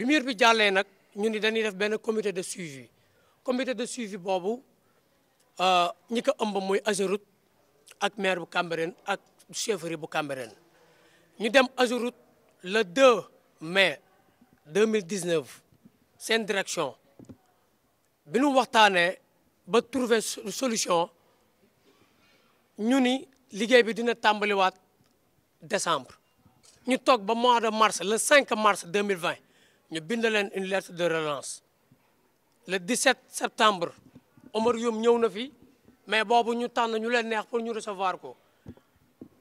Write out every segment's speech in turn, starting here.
Le bi jàllee nous ñu ni dañuy def comité de suivi comité de suivi boobu euh, ñi ko ëmb moy Ageroute ak maire bu Cambérène ak chefferie bu Cambérène ñu dem Azuroute le 2 mai 2019 C'est une direction Nous voulons trouvé ba trouver solution Nous ni liggéey bi dina en décembre ñu tok ba mois de mars le 5 mars 2020 ñu bind leen une lettre de relance le 17 septembre Omar Youm ñëw na fi mais boobu ñu tànn ñu leen neex pour ñu recevoir ko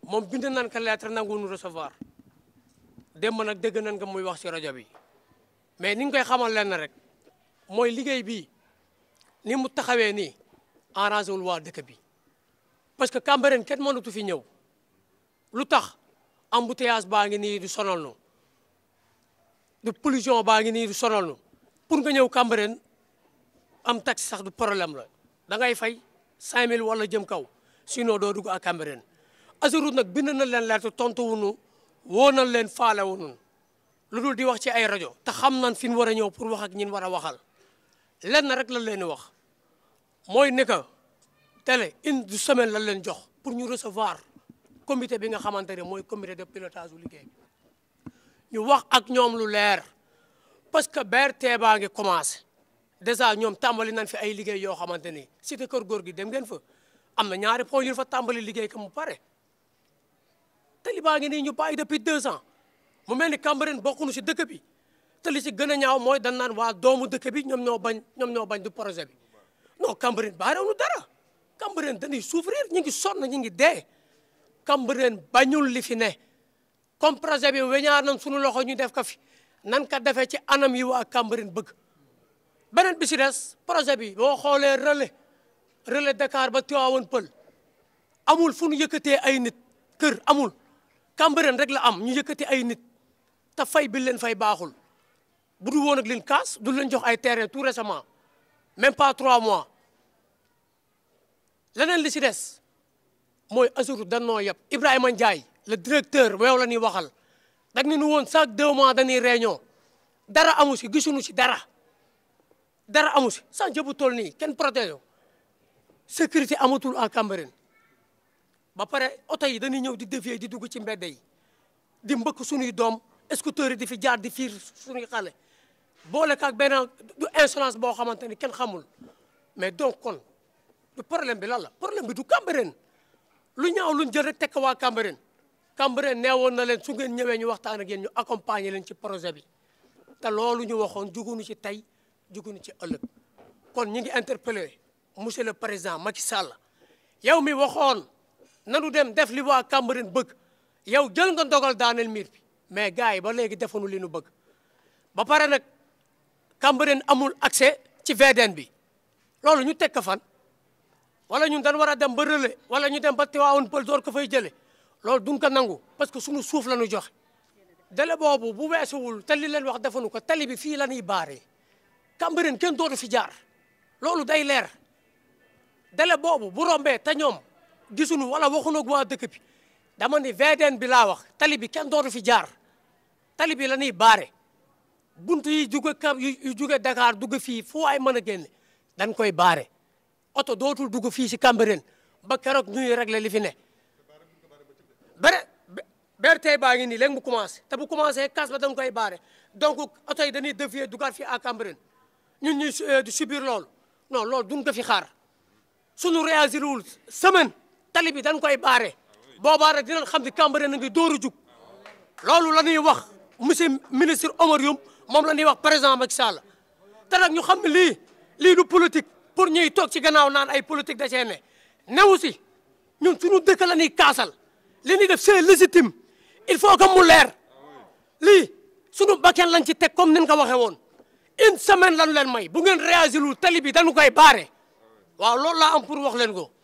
moom bind nañ ko lettre nangu nu recevoir démb nag dëgg nañ ko muy wax ci rajo bi mais ni ñu koy xamal leen na rek mooy liggéey bi ni mu taxawee ni arrangé wul waa dëkk bi parce que Cambérène kenn mënatu fi ñëw lu tax embouteillage baa ngi nii du sonal nu du pollution baa ngi nii du sonal nu pour nga ñëw Cambérène am taxi sax du problème la da ngay fay 5000 wala jëm kaw sinon doo dugg ak Cambérène Azurut nag bind na leen lettre tontu wunu woo nañ leen faale wunu lu dul di wax ci ay rajo te xam nan fi ñu war a ñëw pour wax ak ñin war a waxal na rek lañ leen di wax mooy ne que télé une semaine lañ leen jox pour ñu recevoir comité bi nga xamante ne mooy comité de pilotage bu liggéey ñu wax ak ñoom lu leer parce que BRT baa ngi commencé déjà ñoom tàmbali nañ fi ay liggéey yoo xamante ni cité kër góor gi dem ngeen fa am na ñaari pont yu fa tàmbali liggéey ka mu pare tali baa ngi nii ñu bàyyi depuis deux ans mu mel ni Cambérène bokkuñu si dëkk bi te li si gën a ñaaw mooy dan naan waa doomu dëkk bi ñoom ñoo bañ ñoom ñoo bañ du projet bi non Cambérène baareewuñu dara Cambérène dañuy souffrir ñu ngi sonn ñu ngi dee Cambérène bañul li fi ne. comme projet bi weñaar nañ suñu loxo ñu def ko fi nan ka defee ci anam yi waa Cambérène bëgg beneen bi si des projet bi boo xoolee relais relais Dakar ba Tivaouane Pël amul fu ñu yëkkatee ay nit kër amul Cambérène rek la am ñu yëkkatee ay nit te fay bi leen fay baaxul bu du woon ak leen kaas du leen jox ay terrain tout récemment même pas trois mois leneen li si des mooy asuru danoo yab Ibrahima Ndiaye le directeur weew la ñuy waxal dag ni nu woon chaque deux mois dañuy réunion dara amu si gisuñu si dara dara amu si sax jëbu toll nii kenn protégé sécurité amatul à Cambérène ba pare oto yi dañuy ñëw di dévier di dugg ci mbedd yi di mbëkk suñuy doom scooter yi di fi jaar di fiir suñuy xale boole kaak benn du insolence boo xamante ni kenn xamul mais donc kon du problème bi lan la problème bi du Cambérène lu ñaaw luñ jël rek tekk waa Cambérène Cambérène neewoon na leen su ngeen ñëwee ñu waxtaan ak yéen ñu accompagner leen ci projet bi te loolu ñu waxoon juguñu ci tey juguñu ci ëllëg kon ñu ngi interpellé monsieur le président Macky Sall yow mi waxoon nanu dem def li waa Cambérène bëgg yow jël nga ndogal daaneel miir bi mais gars yi ba léegi defanu li bëgg ba pare nag Cambérène amul accès ci VDN bi loolu ñu teg ka fan wala ñun dañ war a dem ba relais wala ñu dem ba Tivaouane Peulh door ko fay jëlee loolu duñ ko nangu parce que suñu suuf la ñu jox délai boobu bu weesuwul te li leen wax defuñu ko tali bi fii la ñuy baaree ken kenn dootu fi jaar loolu day leer délai boobu bu rombee te ñoom gisuñu wala waxuñu ak waa dëkk bi dama ni VDN bi laa wax tali bi kenn dootu fi jaar talibi bi la ñuy baare bunt yi juge kam yu juge Dakar dugg fii fu waay mën a génne dañ koy baare oto dootul dugg fii si Cambérène ba keroog ñuy régler li fi ne bare ber tey baa ngi nii léegi mu commencé te bu commencé casse ba dañ koy baare donc oto yi dañuy dévier dugaat fii à Cambérène ñun ñuy euh, di subir loolu non loolu duñ ko fi xaar suñu réagir wul semaine tali bi dañ koy baare boobaa rek dinañ xam ne Cambérène na ngi dóor a jug loolu la ñuy wax monsieur ministre Omar Youm moom la ñuy wax président Macky Sall te nag ñu xam ne lii lii du politique pour ñuy toog ci gannaaw naan ay politique da cee ne newu si ñun suñu dëkk la ñuy kaasal li ñuy def c'est légitime il faut que mu leer lii sunu bakkan lañ ci teg comme ni nga ko waxee woon une semaine lañ leen may bu ngeen réagirul tali bi dañu koy baare waa loolu laa am pour wax leen ko.